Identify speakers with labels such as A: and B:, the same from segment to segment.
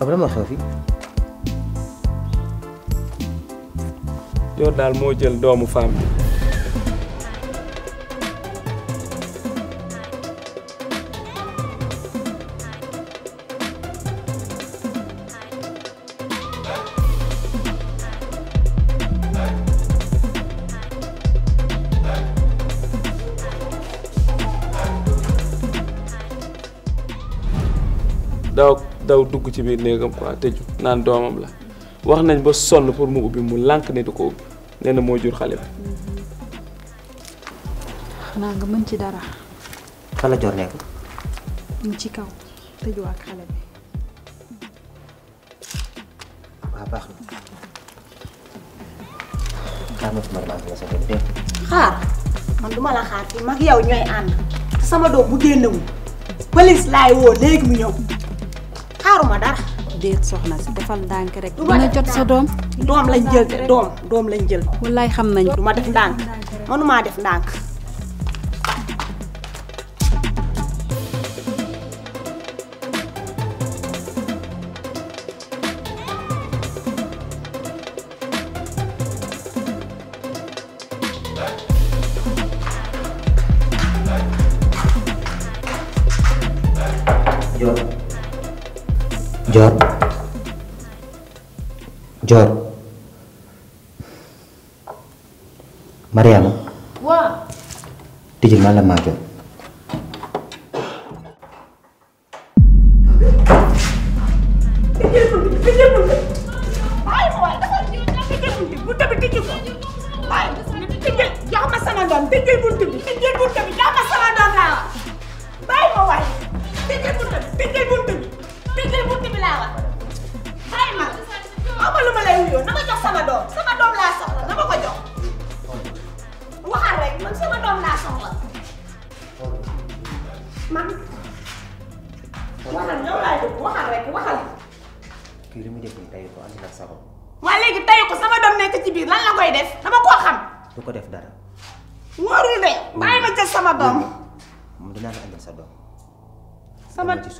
A: abra ma xaw fi
B: daal moo jël doomu femme bi daw dugg ci biir neegam quoi teju naan doomam la wax nañ ba sonn pour mu ubbi mu lank ne du ko ubbi nee na moo jur xale bi.
C: xanaa nga mën ci dara. fa la jor nekk. mu ci kaw ak xale bi.
A: waaw baax na. xaar ma fi ma la sa doom
C: xaar man duma la xaar fii mag yow ñooy ànd sama doom bu génnewul police laay woo léegi mu ñëw xaaruma dara déet soxna si defal ndànk rek du ma jot sa doom doom lañ jël doom doom lañ jël wallaay xam nañ du ma def ndànk mënumaa def ndànk
A: Yo. Dior Dior Mariama tijjil ma la man waxal yow laay dugg waxal rek waxal. kii li mu def nii tayu ko andi nag sabab. waa léegi tayu
D: ko sama doom nekk ci biir lan la koy def dama koo xam. du ko def dara. wóorul de bàyyi ma sama doom.
A: moom dinaa la andal sa doom. sama ci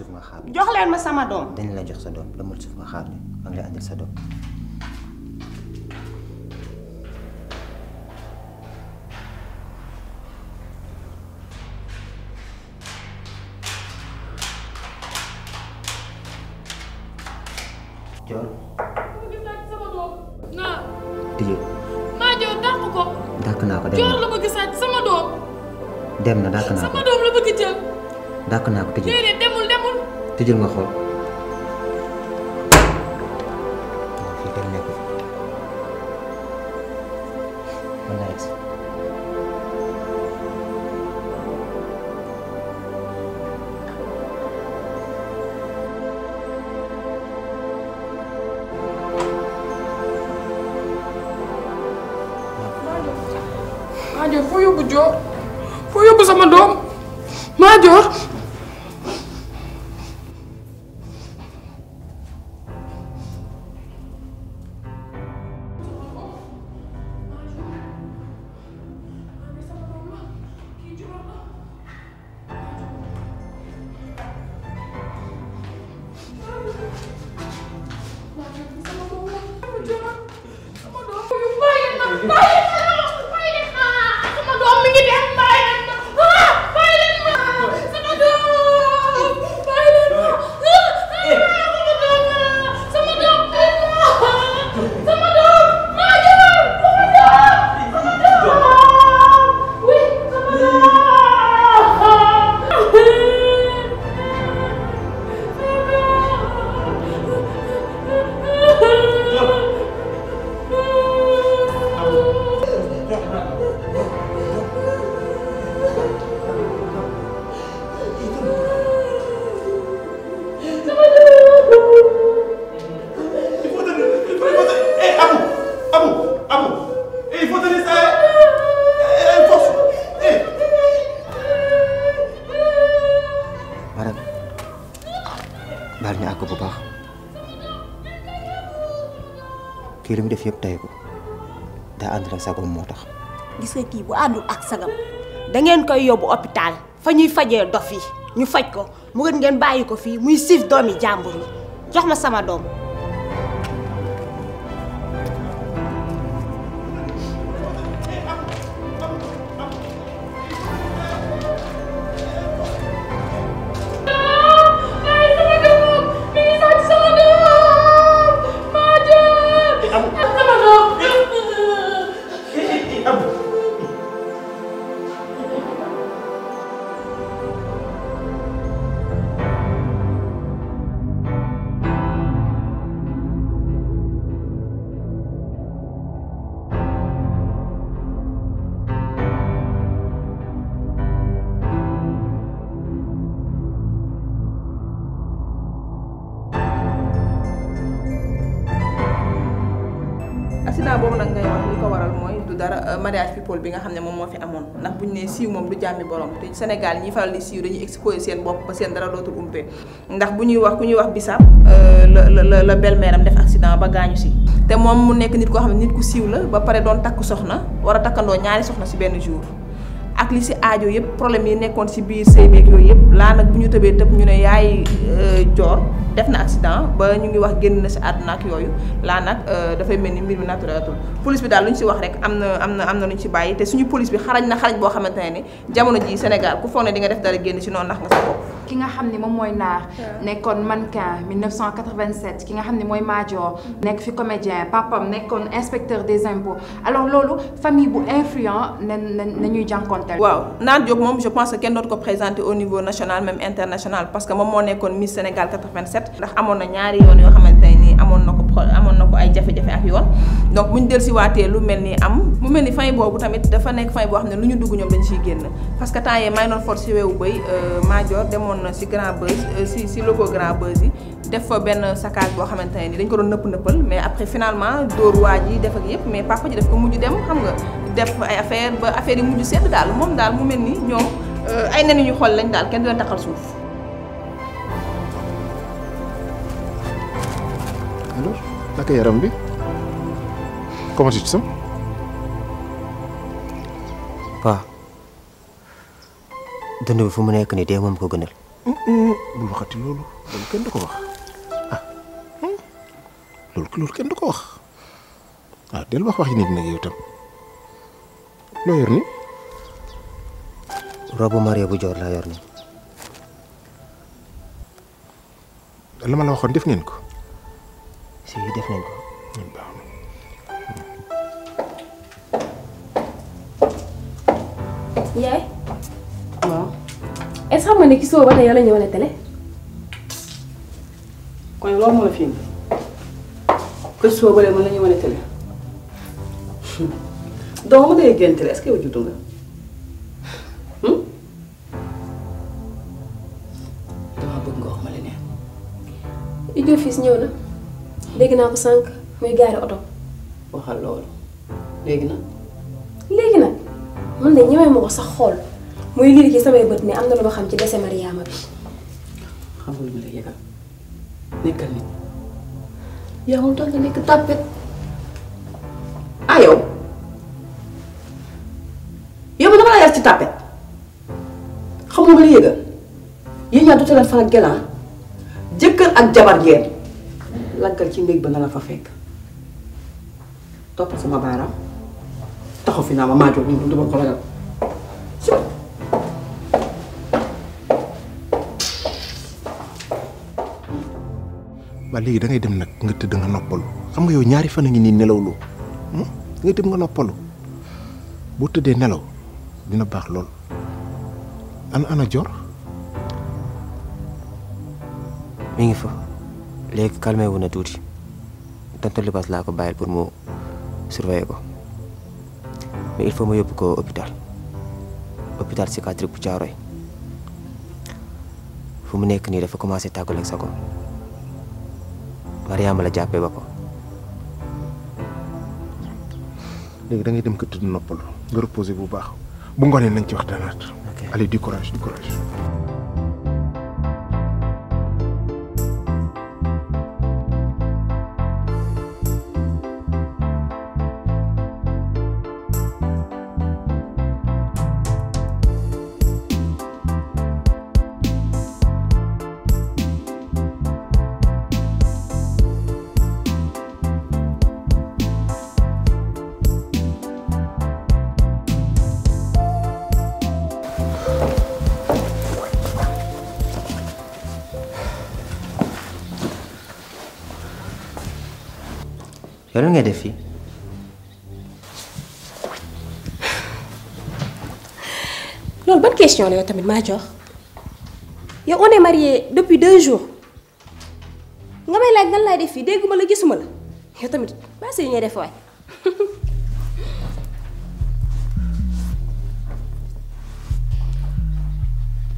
A: la jox sa doom damul suuf nga xaar ne maa ngi lay sa doom. dàq naa ko tëjee. déedéet demul demul. tëjal nga xool. def yëpp tey ko daa àndul ak sagam moo tax.
C: gis nga kii bu àndul ak sagam da ngeen koy yóbbu hôpital fa ñuy fajee dof yi ñu faj ko mu gën ngeen bàyyi ko fii muy siif doomi jàmbur yi jox ma sama doom.
D: concours bi nga xam ne moom moo fi amoon ndax bu ñu nee siiw moom du jàmmi borom te Sénégal ñi faral di siiw dañuy exposé seen bopp ba seen dara dootul umpe ndax bu ñuy wax ku ñuy wax bisaab euh, la la la belle-mère am def accident ba gaañu si te moom mu nekk nit koo xam ne nit ku siiw la ba pare doon takk soxna war a takkandoo ñaari soxna si benn jour ak li si aajo yëpp problème yi nekkoon si biir sëy yooyu yëpp laa nag bu ñu tëbee tëb ñu ne yaay joor euh, def na accident ba ñu ngi wax génn na si àdduna ak yooyu laa nag euh, dafay mel ni mbir mi naturelatul police bi daal lu ñu si wax rek am na am na am na lu ñu si bàyyi te suñu police bi xarañ na xarañ boo xamante ne ni jamono ji Sénégal ku foog ne di nga def dara génn si noonu ndax nga sa bopp
C: Qui nga xamni mom 1987 ki nga mm. inspecteur des impôts alors lolu famille bu influent
D: je pense que au niveau national même international parce que mom mo Miss Sénégal 87 ndax amoon na ko amoon na ko ay jafe-jafe ak yoon donc bu ñu dellusiwaatee lu mel ni am mu mel ni fay boobu tamit dafa nekk fay boo xam lu ñu dugg ñoom dañ siy génn parce que temps yee may noon force si weewu bay euh, si grand buzz euh, si def fa benn saccage boo xamante ne ni dañ ko doon nëpp nëppal mais après finalement dóor waa ji def ak yëpp mais papa ji daf ko mujj dem xam nga def ay affaire ba affaire yi mujj sedd daal moom daal mu mel ni ñoom euh, ay nenu ñu xool lañ daal kenn du leen taxal suuf
B: ak ya bi comment tu te sens
A: pa dënd bi fu mu nekk ni dee moom ko gënal bu waxati loolu
B: loolu kenn du ko wax ah loolu loolu kenn du ko wax ah del wax wax nit nag yow tam loo yor ni
A: robu maria bu joor laa yor ni
B: la ma la waxoon def ngeen ko def nañ ko.
C: yaay. waaw. est-ce que xam nga ne ki soo ba tey wane télé. kon loo mën a fi indi. kër soo ba mën nañu wane télé. doomu day génn télé est-ce yow juddu nga. Hmm? dama bëgg nga wax ma leneen. Idio fils ñëw na. léegi naa ko sànq muy gaari oto. waxal loolu léegi nag. léegi nag man de ñëwee ko sax xool muy liir ci samay bët ne am na lu ma xam ci dese Mariama bi. xam nga lu ma lay yëgal nekkal nit yaa ngi toog nekk tàppet ah yow yow dama la yar ci tàppet xam nga lu ma lay yëgal yéen ñaa dootu leen fan ak gànnaar jëkkër ak jabar ngeen. lankal ci neeg ba na la fa fekk top sama bara taxo fi na ma majo ni du ko ragal
B: ba legi da ngay dem nak nga tëdd nga noppalu xam nga yow ñaari fan a ngi nii nelawloo nga tëdd nga noppalu bu tëddee nelaw dina bax lol ana ana jor mi
A: ngi fa léegi calmé wu na tuuti tonton Libaas laa ko bàyyil pour mu surveiller ko il faut ma yóbbu ko hôpital hôpital psychiatrique bu Thiaroye fu mu nekk nii dafa commencé tàggaleeg sa ko
B: Mariama la jàppee ba ko. léegi da ngay dem ko tudd noppalu nga reposé bu baax bu ngoonee nañ ci waxtaanaat. ok allez du
A: Gönül hedefi.
C: ada ban question la yow tamit maa jox yow ya, on est marié depuis deux jours
D: nga may laaj nan laay def fii gue la gisuma la yow tamit baa si ñuy def waay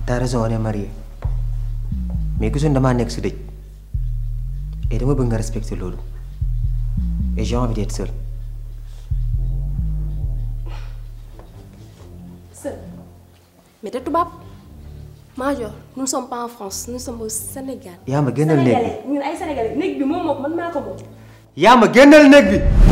A: t'as raison on est marié mais gisuñ damaa nekk seluruh. dëj et dama bëgg nga respecter et j'ai envie
C: tubaab Major nous ne en France nous sommes Sénégal.
A: yaa ma gënal néeg
C: bi Sénégalais moom man maa ko moom.
A: yaa ma gënal néeg bi.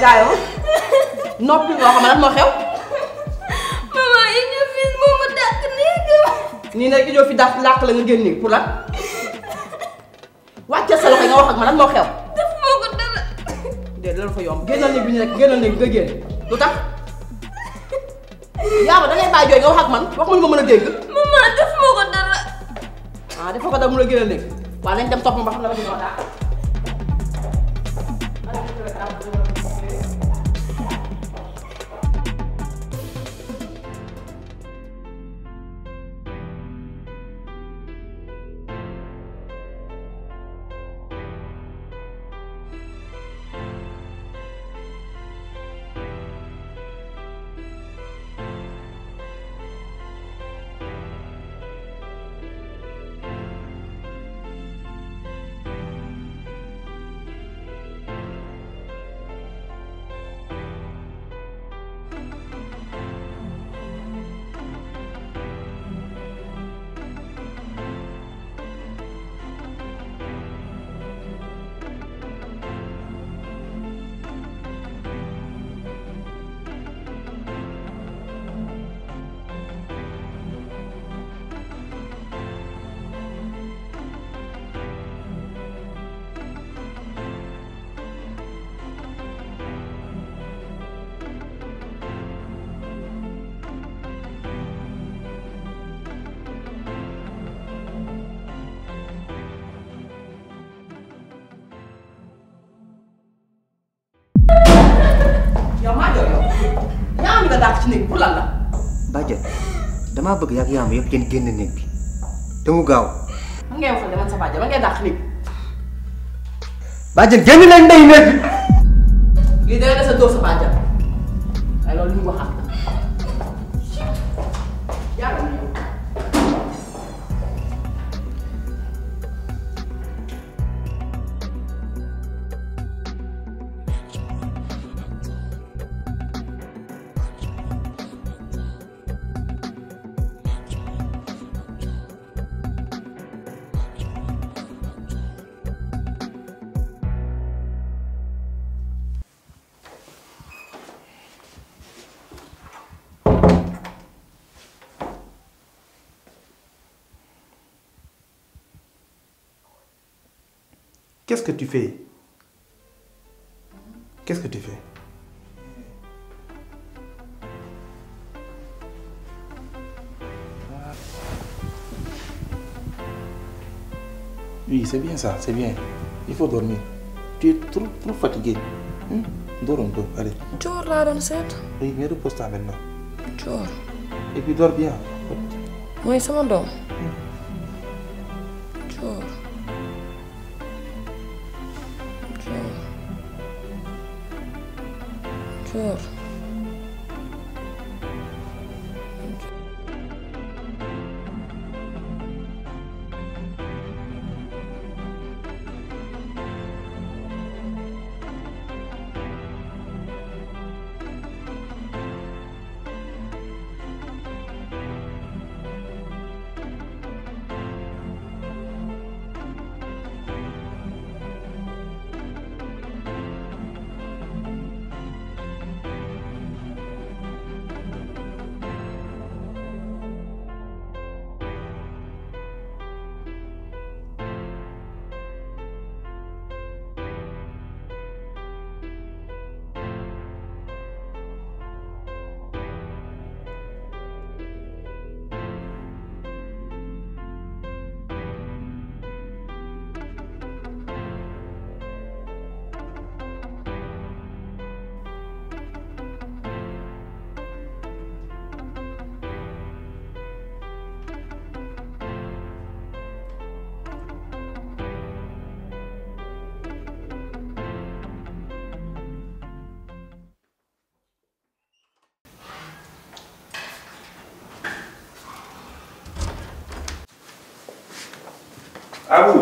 C: Ndiaye ah. noppi nga xam ne lan moo xew. maman Idio fils moo ma dàq néegam. nii nag Idio fi dàq làq la nga génne pour lan wàcce sa loxo nga wax ak ma lan moo xew. def moo ko dara. déedéet loolu fa yomb génnal néeg bi nii rek génnal néeg nga génn lu tax
A: yaa ma da ngay bàyyi
C: nga wax ak man wax ma lu mën a dégg. maman def moo ko dara. ah dafa ko dara mu la génnal néeg waaw nañ dem topp ma ba xam ne ma dina ko dàq. néeg pour la.
A: bàjjen damaa bëgg yaa ngi yaam génn néeg bi te mu gaaw.
C: man ngay waxal dama sa bàjjen man ngay dàq néeg.
A: bàjjen génn nañ ndey néeg bi.
C: lii da nga des a sa bàjjen waaye loolu li mu waxaat.
B: Qu'est-ce que tu fais Qu'est-ce que tu fais Oui, c'est bien ça, c'est bien. Il faut dormir. Tu es trop, trop fatigué. Hum? Dors un allez.
C: Dors là, dans cette.
B: Oui, mais repose-toi maintenant. Dors. Et puis dors bien.
C: Oui, ça m'endort. Hum.
B: À vous.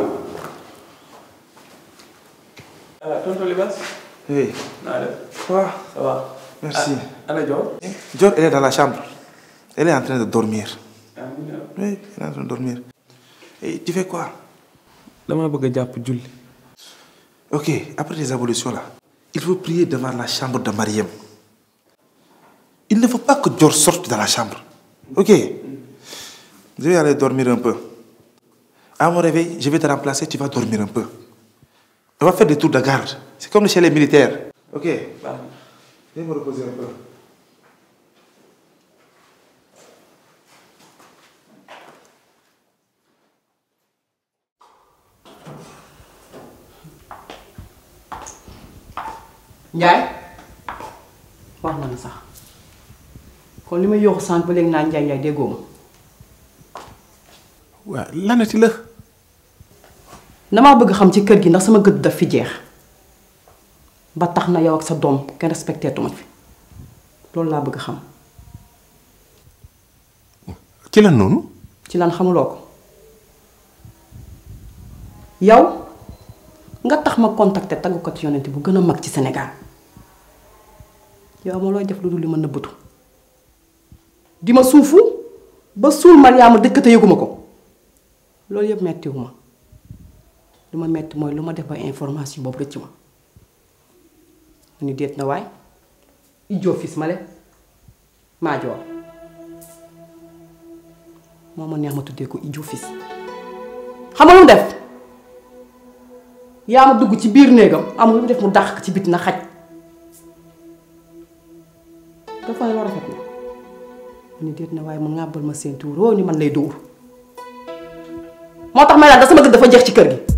B: Euh, Alors, Oui. Allez. Quoi Ça va. Merci. Allez ah, Dior eh, Dior, elle est dans la chambre. Elle est en train de dormir. Ah, oui, elle est en train de dormir. Et tu fais quoi Dama bëgg japp julli. OK, après les abolitions là, il faut prier devant la chambre de Mariam. Il ne faut pas que Dior sorte de la chambre. OK Je vais aller dormir un peu à mon réveil, je vais te remplacer, tu vas dormir un peu. On va faire des tours de garde. C'est comme chez les militaires. Ok, bah, me reposer un peu.
C: Njaay wax na la sax kon li ma sànq ba léegi naa déggoo dama bëgg xam ci kër gi ndax sama gëdd daf fi jeex ba tax na yow ak sa doom kenn respecté tuma fi loolu laa bëgg xam. ci lan noonu. ci lan xamuloo ko yow nga tax ma contacté tagg ko ci yonent bu gën a mag ci Sénégal yow ma def lu dul li ma nëbbatu di ma suufu ba suul Mariama dëkk yëguma ko loolu yëpp mettiwuma luma metti moy luma def ba information bobu ci ma ni det na i jo fis ma jo maa neex ma tuddé ko jo fis xam lu def yaa ma dugg ci bir negam am lu def mu dakh ci bit na xaj da fa loo rafet ni det na way mu ngabal ma seen tuur ni man lay dour motax may la da sama gëdd dafa jeex ci kër gi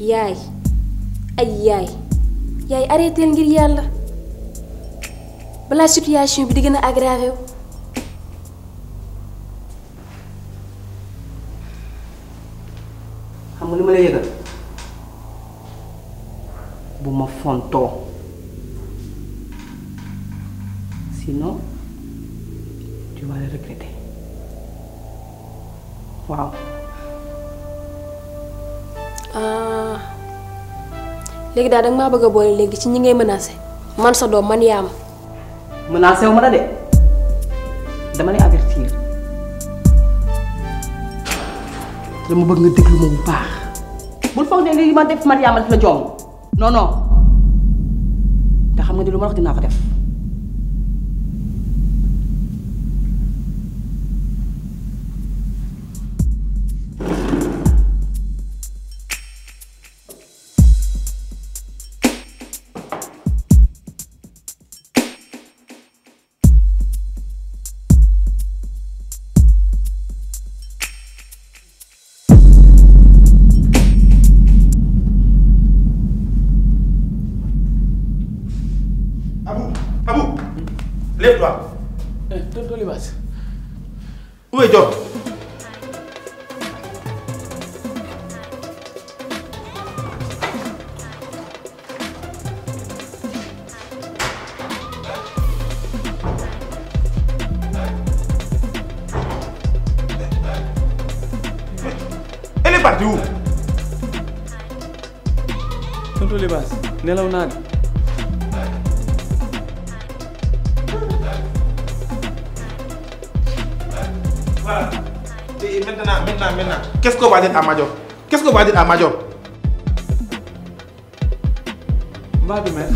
C: yaay ay yaay yaay arrêté ngir yàlla balaa situation bi di gën a aggravé léegi daal da nga maa bëgg a boole légui ci ñi ngay menacer man sa doom man yaa ma. menacé wu ma la de dama lay avertir dama bëgg nga déglu ma bu baax. bul foog ne lii ma def Mariama daf la jom non non da xam nga di lu ma wax dinaa ko def.
B: nelaw naa eh, eh, voilà maintenant maintenant maintenant qu'est-ce qu'on va dire à Madior qu'est-ce qu'on va dire à Madior va